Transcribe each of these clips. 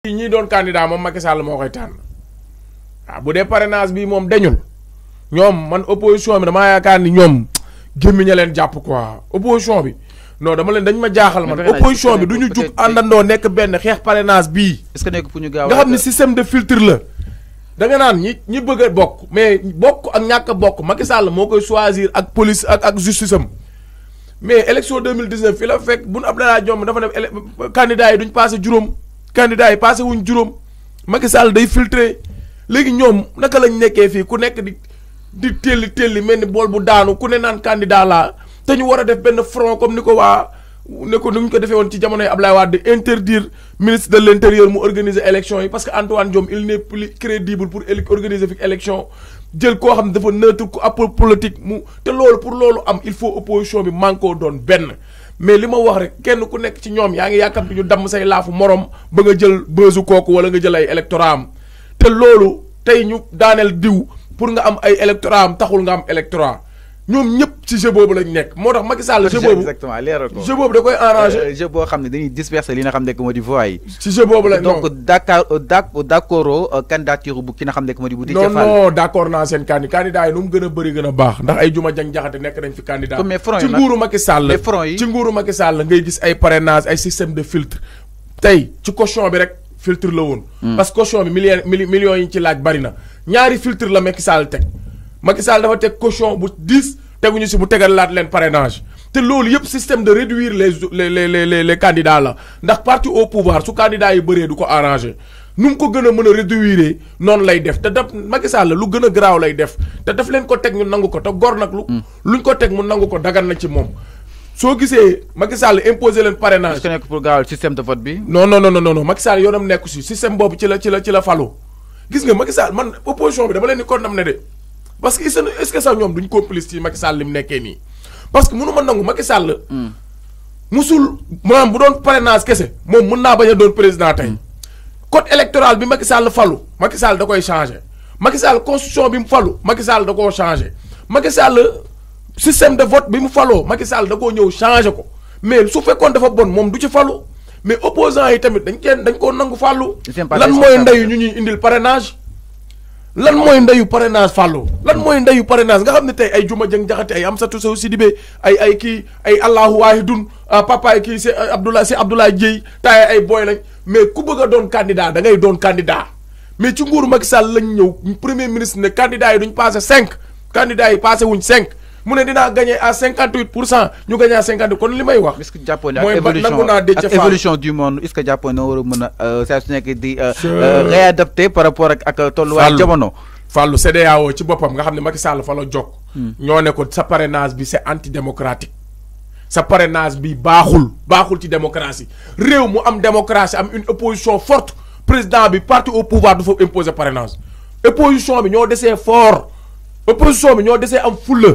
ci ñi doon candidat moom Macky Sall moo koy tànn waaw bu dee parrainage bi moom deñul ñoom man opposition bi damaa yaakaar ni ñoom gémmi ña leen jàpp quoi opposition bi non dama leen dañ ma jaaxal man opposition bi du ñu jug àndandoo nekk benn xeex parrainage bii. est-ce que nga xam ne système de filtre la. da nga naan ñi ñi bëgg a bokk mais bokk ak ñàkk a bokk Macky Sall moo koy choisir ak police ak ak justice am mais élection 2019 fi la fekk bu nu Abdoulaye Diome dafa ne candidat yi duñ passé juróom. Candidat yi passé wuñ juróom Macky Sall day filtré léegi ñoom naka lañ nekkee fii ku nekk di di telli telli mel ni bool bu daanu ku ne naan candidat laa te ñu war a def benn front comme ni ko waa ne ko ni ñu ko defee woon ci jamonoy Ablaye Wade di interdire ministre de l' intérieur mu organiser élection yi parce que Antoine Diom il n' est plus crédible pour organiser fi élection jël koo xam dafa neutre ku politique mu te loolu pour loolu am il faut opposition bi man koo doon benn. mais li ma wax rek kenn ku nekk ci ñoom yaa ngi yàkkamti ñu damm say laafu morom ba nga jël bësu kooku wala nga jël ay électorat am te loolu tey ñu daaneel diw pour nga am ay électorat am taxul nga am électorat ñom ñep ci jeu bobu lañ nek motax tax Macky Sall jeu boobu exactement leeral ko jeu bobu da koy arrangé euh, jeu bo xamni dañuy disperser li nga xam ne modi di voix yi ci jeu boobu la donc Dakar d'accord euh, candidature bu ki nga xam ne modi bu di Fall non non d'accord na sen kandi candidat yi nu gëna bëri gëna a baax ndax ay juma jang jaxate nek nañ fi candidat ci nguru Macky Sall ci nguru Macky Sall ngay gis ay parrainage ay système de filtre tay ci caution bi rek filtre la woon hmm. parce que caution bi million millions yi ci laaj bari na ñaari filtre la Macky Sall teg Macky Sall dafa teg cochon bu dix teguñu si bu tegal laat leen parrainage te loolu yëpp système de réduire les les les les les candidats la ndax parti au pouvoir su candidat yi bëree du ko arrangé nu mu ko gën réduire noonu lay def te daf Macky lu gën a lay def te daf leen ko teg ñu nangu te gor lu. Hmm. luñ ko teg mu na ci imposé leen parrainage. est-ce que pour gaawal système de vote bi. non non non non non Macky Sall yoonam nekk si système boobu ci la ci la ci la gis nga man opposition bi parce que est-ce que ça nous duñ complice complicité Macky Sall li ni parce que mënu ma nangu Macky Sall. Hmm. musul maanaam bu doon parrainage kese moom mën ne bañ a président Le hmm. code électoral bi Macky Sall falu Macky Sall da koy le Macky Sall constitution bi mu fallu, Macky Sall da changer. Macky le système de vote bi mu faloo Macky Sall da changer ko mais su fekkoon dafa bon moom du ci fallu. mais opposants yi tamit dañ sais parrainage. lan mooy ndeyu parrainage Fallou lan mooy ndeyu parrainage nga xam ne tey ay Juma Jëng Jaxate ay Amsatou Sow Sidibé ay ay kii ay Allahu Wahidun ah, papa yi kii c'est Abdoulaye c'est Abdoulaye Dieye ay booy lañ mais ku bëgg a doon candidat da ngay doon candidat mais ci nguuru Macky Sall lañ ñëw premier ministre ne candidat yi duñ passé cinq candidat yi passé wuñ cinq mu ne gagner à 58% ñu gagné à 50 kon limay wax. est ce que évolution du monde est ce que jàppoon na war a mën a euh, saa su di. Euh, euh, réadapter par rapport ak ak tolluwaay jamono. Fallou CEDEAO ci bopam nga xam ne Macky Sall fa la jokk. Hmm. ñoo ne ko sa parrainage bi c'est antidémocratique anti démocratique. sa parrainage bi baxul baxul ci démocratie rew mu am démocratie am une opposition forte président bi parti au pouvoir do fa imposer parrainage opposition bi ñoo déssé fort opposition bi ñoo déssé am fulla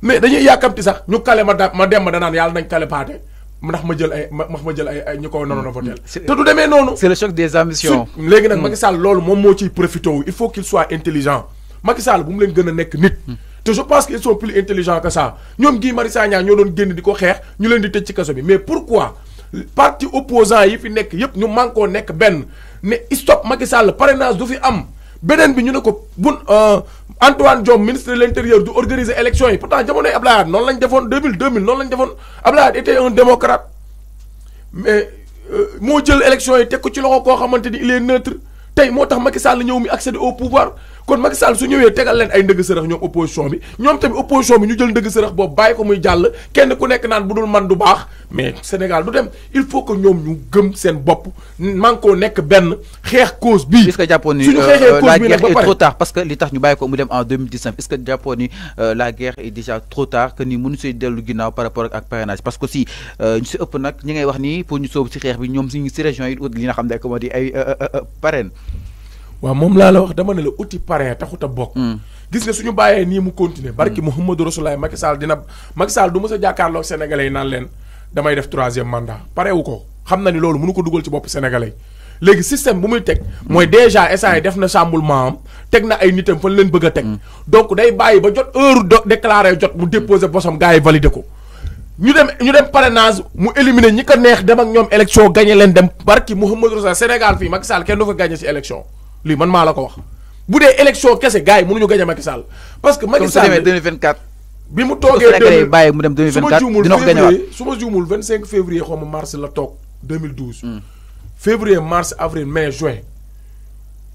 mais dañuy yakamti sax ñu kale ma ma dem ma danaan yalla nañ kale paate ndax ma jël ay ma ma jël ay ñu ko noonu la te du démé nonu c'est le choc des ambitions. légui nak hmm. Macky Sall lool mom mo ciy profito il faut qu'il soit intelligent Macky Sall bu mu leen gëna nek nit. Hmm. te je pense qu'ils sont plus intelligents que ça ñom gi Marius Sagna ñoo doon génn di ko xeex ñu leen di tecc ci kasso bi mais pourquoi parti opposant yi fi nek yépp ñu manko nek ben mais stop Macky Sall parrainage du fi am beneen bi ñu ne ko bun euh, Antoine Diome ministre de l' intérieur du organiser élection yi pourtant jamonoy Abdoulaye non noonu lañ defoon 2000 2000 noonu lañ defoon Abdoulaye était un démocrate mais euh, moo jël élection yi teg ko ci loxo koo xamante ni il est neutre tey moo tax Macky Sall ñëw mi accéder au pouvoir kon Macky Sall su ñëwee tegal leen ay ndëgg sërëx ñoom opposition bi ñoom tamit opposition bi ñu jël ndëgg sërëx boobu bàyyi ko muy jàll kenn ku nekk naan bu dul man du baax mais Sénégal du dem il faut que ñoom ñu gëm seen bopp manko nekk benn xeex cause bii. est-ce que jàppoon ni euh, la guerre est trop tard parce que li tax ñu bàyyi ko mu dem en 2019 est-ce que jàppoon ni euh, la guerre est déjà trop tard que ni mënu see dellu ginnaaw par rapport ak parrainage parce que si euh, ñu si ëpp nag ñi ngay wax ni pour ñu soobu si xeex bi ñoom si région yi ut li nga xam ne moo di ay parrain waaw moom laa la wax dama ne la outil parrain taxut a bokk. Hmm. gis nga suñu bàyyee nii mu continuer barki Mouhamadou hmm. Rasulaay Macky Sall dina Macky Sall du mës a jàkkaarloog sénégalais yi naan leen damay def troisième mandat pare wu ko xam na ni loolu mënu ko dugal ci bopp sénégalais yi léegi système bu muy teg. Hmm. mooy dèjà instant yi def na chamboulement am teg na ay nitam fan leen bëgg a teg. donc day bàyyi ba jot heure déclaré jot mu déposé bosam gars yi validé ko. ñu dem ñu dem parrainage mu éliminer ñi ko neex dem ak ñoom élection gagné leen dem barki Mouhamadou Rasulaay Sénégal fii Macky Sall kenn ko gagné ci élection. lii man maa la ko wax boudé élection kese gaay yi mënuñu gañ Macky Sall parce que Macky Sall comme 2024. bi mu togué deux mu dem 2024 dina ko gañawaat wat suma juumul 25 février xaw mars la tok 2012. Hmm. février mars avril mai juin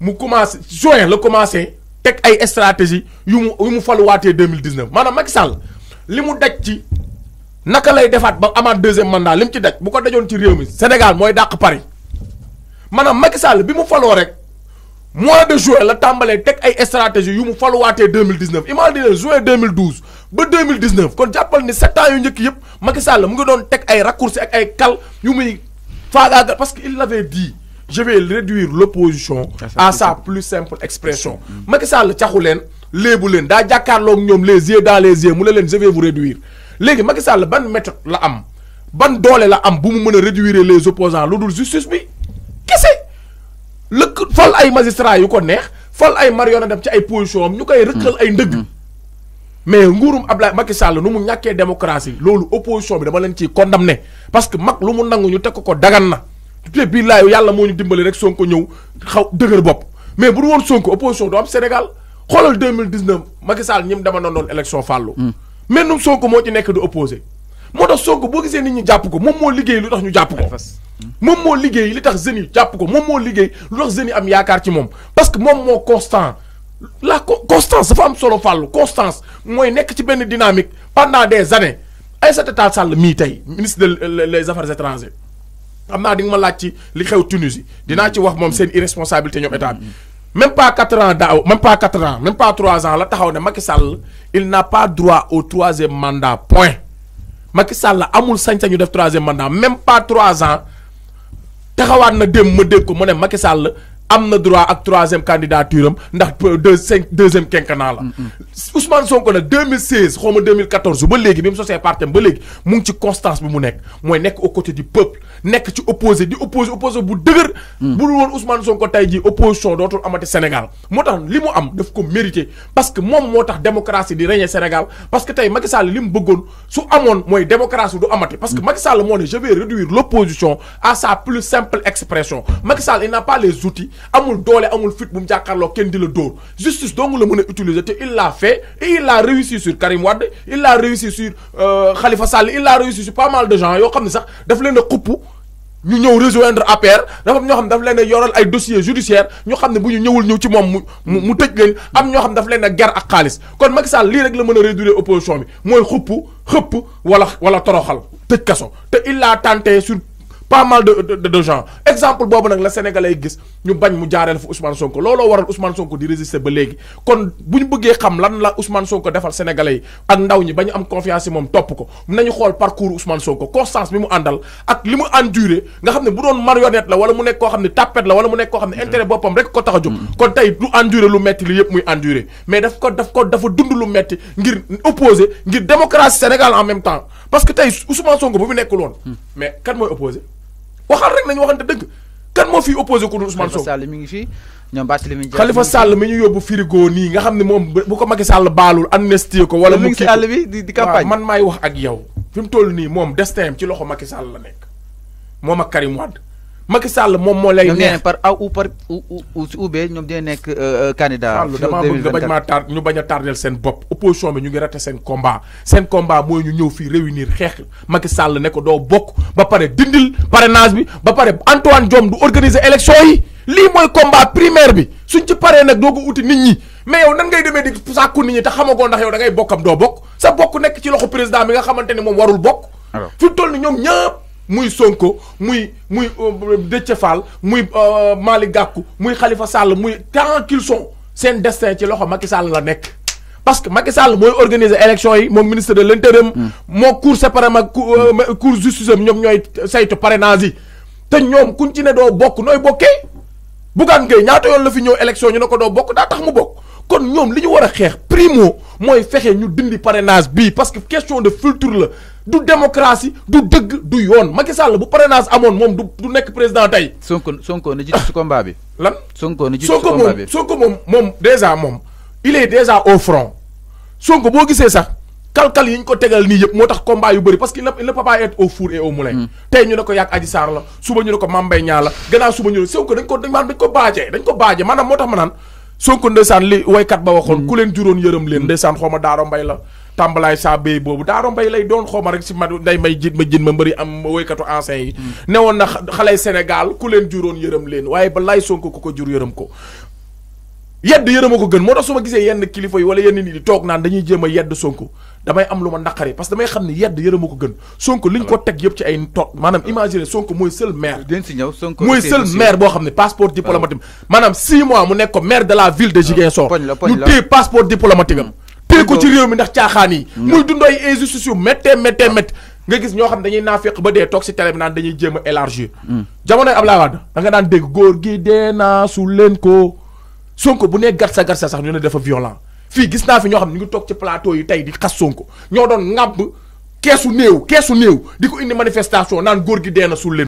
mu commencé juin le commencé tek ay stratégie yu mu yu mu faluwaatee 2019 manam Macky Sall li daj ci naka lay defaat ba amaat deuxième mandat lim ci daj bu ko dajoon ci réew mi Sénégal moy dàq Paris manam Macky Sall bi mu faloo rek mois de juin la tàmbalee teg ay stratégie yu mu faluwaatee 2019 imaginez juin 2012 ba 2019 kon jàppal ni 7 ans yu njëkk yëpp Macky Sall mu ngi doon tek ay raccourcis ak ay cal yu muy faga parce qu'il avait dit je vais réduire l'opposition à sa plus simple expression Macky Sall len leen léebu leen daa jàkkaarloog ñom les yeux dans les yeux mu ne je vais vous réduire léegi Macky Sall ban méthode la am ban doole la am bu mu mën réduire les opposants lu justice bi kese ay magistrats yu ko neex fal ay marionnette dem ci ay position am ñu koy rëkkal mm. ay ndëgg. Mm. mais nguurum Ablaye Macky Sall nu mu ñàkkee démocratie loolu opposition bi dama leen ciy condamné parce que mag lu mu nangu ñu teg ko ko dagan na te bii yàlla moo ñu dimbali rek Sonko ñëw xaw dëgër bopp mais bu du woon Sonko opposition du am Sénégal xoolal 2019 Macky Sall ñi mu dama noonu doon élection fàllu. Mm. mais nu Sonko moo ci nekk du opposé. moo tax boo nit ñi jàpp ko moom moo liggéey lu ñu jàpp ko moom moo liggéey li tax jeunes yi ko moom moo liggéey am ci parce que moom moo constant la constance dafa solo fàllu constance mooy nekk ci dynamique pendant des années Tall mii ministre des affaires étrangères xam di nga ma laaj ci li Tunisie irresponsabilité même pas quatre ans même pas quatre ans même pas trois ans la taxaw ne il n'a pas droit au troisième mandat point Macky Sall amul sañ-sañu def troisième mandat même pas trois ans taxawaat na dem ma dégg ko mu ne Macky Sall amna droit ak troisième candidature am ndax deux cinq deuxième quinquennat la. Ousmane Sonko na 2016 xaw 2014 ba léegi bi mu sosee partem ba léegi mu ngi ci constance bi mu nekk mooy au côté du peuple nek ci opposé di opposé opposé bu dëgër. Mm. bu dul won Ousmane Sonko tay ji opposition dootul amati Sénégal motax limu am daf ko mérité parce que mom motax démocratie di régner Sénégal parce que tay Macky Sall limu mu bëggoon su amone moy démocratie du amati. parce que Macky Sall moo je vais réduire l'opposition à sa plus simple expression Macky Sall il n'a pas les outils amul d'or amul fit bu mu ken di le justice dong le mën utiliser te il l'a fait et il a réussi sur Karim Wade il a réussi sur euh, Khalifa Sall il a réussi sur pas mal de gens yo xam sax daf leen a ñu ñëw rejoindre APR dafa am ñoo xam daf leen yoral ay dossier judiciaire ñu xam ne bu ñu ñëwul ñëw ci moom mu mu tëj leen am ñoo xam daf leen a ger ak xaalis kon Macky Sall lii rek la mën a réduire opposition bi mooy xupp xëpp wala wala toroxal tëj kaso te il l'a tenté sur pas mal de de de gens exemple boobu nak la sénégalais gis ñu bañ mu jaareel fa Ousmane Sonko Lolo waral Ousmane Sonko di résister ba légui. kon buñu bëggé xam lan la Ousmane Sonko défal sénégalais ak ndaw ñi bañ am confiance mom top ko nañu xol parcours Ousmane Sonko constance bi mu andal ak limu endurer nga xamné bu doon marionnette la wala mu nekk ko xamné tapette la wala mu nekk ko xamné intérêt bopam rek ko taxaju. Mm-hmm. kon tay du endurer lu metti li yépp muy endurer. mais daf ko daf ko dafa dund lu metti ngir opposé ngir démocratie Sénégal en même temps parce que tay Ousmane Sonko bu fi nekkul woon mm. mais kan moy opposé waxal rek nañu waxante dëgg kan moo fi opposé ku dul Ousmane Sonko Sall mi ngi fi ñoom Barthélémy Dias Khalifa Sall mi ñu yóbbu frigo nii nga xam ne moom bu ko Macky Sall baalul amnistie ko wala mu kii àll bi di di campagne man maay wax ak yow fi mu toll nii moom destin ci loxo Macky sàll la nekk moom ak Karim Macky Sall moom moo lay neex par A ou par ou si ube ñoom dina nekk euh, candidat. damaa bëgg nga bañ maa tar ñu bañ a tardel seen bopp opposition bi ñu ngi raté seen combat seen combat mooy ñu ñëw fii réunir xeex Macky Sall ne ko doo bokk ba pare dindil parrainage bi ba pare Antoine Diome du organiser élection yi lii mooy combat primaire bi suñ ci paree nag doo ko uti nit ñi mais yow nan ngay demee di sàkku nit ñi te xamagoo ndax yow da ngay bokkam doo bokk sa bokk nekk ci loxo président bi nga xamante ni moom warul bokk. alors fi Moui Sonko muy muy euh, muy euh, Moui Khalifa Sall tant qu'ils sont destin ci loxo Macky Sall la nek parce que Macky Sall organise l'élection, mon ministre de l'Intérim, hmm. mon cours séparé cours euh, cour justice am ñoy parrainage te ñom kuñ ci ne doo noy ñaata yoon la fi ñew ñu kon primo moy fexé ñu dindi parrainage parce que question de culture du démocratie du dëgg du yoon Macky Sall bu parrainage amoon moom du du nekk président tey. Sonko Sonko na jiitu ci combat bi. lan Sonko na jiitu ci combat bi Sonko moom moom déjà moom il est déjà au front Sonko boo gisee sax kalkal yi ñu ko tegal nii yëpp moo tax combat yu bëri parce que il ne peut pas être au four et hmm. tey ñu ne ko yàgg Adji Sarr la suba ñu ne ko Mame Mbaye Niang la gannaaw suba ñu ne Sonko dañ ko dañ ko baajee dañ ko baajee maanaam moo tax ma naan Sonko ndeysaan li waykat ba waxoon. Hmm. ku leen juróon yërëm leen ndeysaan xaw ma Daaro Mbaye la. tàmbalaay saa boobu daaro mbay lay doon xooma rek si ma nday may jit ma jin ma mbëri am woykatu ancien yi hmm. ne woon na xaley Sénégal ku leen juróon yërëm leen waaye ba laay Sonko ku ko jur yërëm ko yedd yërëma ko gën moo tax su ma gisee yenn kilifa yi wala yenn nit di toog naan dañuy jéem yedd Sonko damay am lu ma naqari parce damay xam ne yedd yërëma ko gën Sonko liñ ko teg yëpp ci ay toog maanaam imagine Sonko mooy seul maire mooy seul maire boo xam ne téye ko ci réew mi ndax caaxaan yi muy dund ay injustice yu méttee nga gis ñoo xam dañuy naafeq ba dee toog si naan dañuy jéem a élargir hmm. jamonoy Abdoulaye da nga daan dégg góor gi dee naa su leen ko Sonko bu nee garsa garsa sax ñu ne dafa violent fii gis naa fi ñoo xam ne ñu ngi toog ci plateau yi tey di xas Sonko ñoo doon ŋàbb keesu néew keesu néew di ko indi manifestation naan góor gi dee na sul